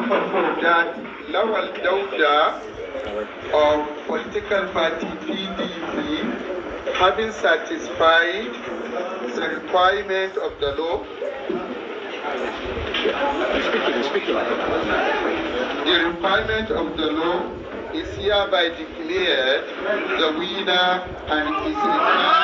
Number four, that Lawal Dauda of political party PDP, having satisfied the requirement of the law, the requirement of the law is hereby declared the winner and is returned.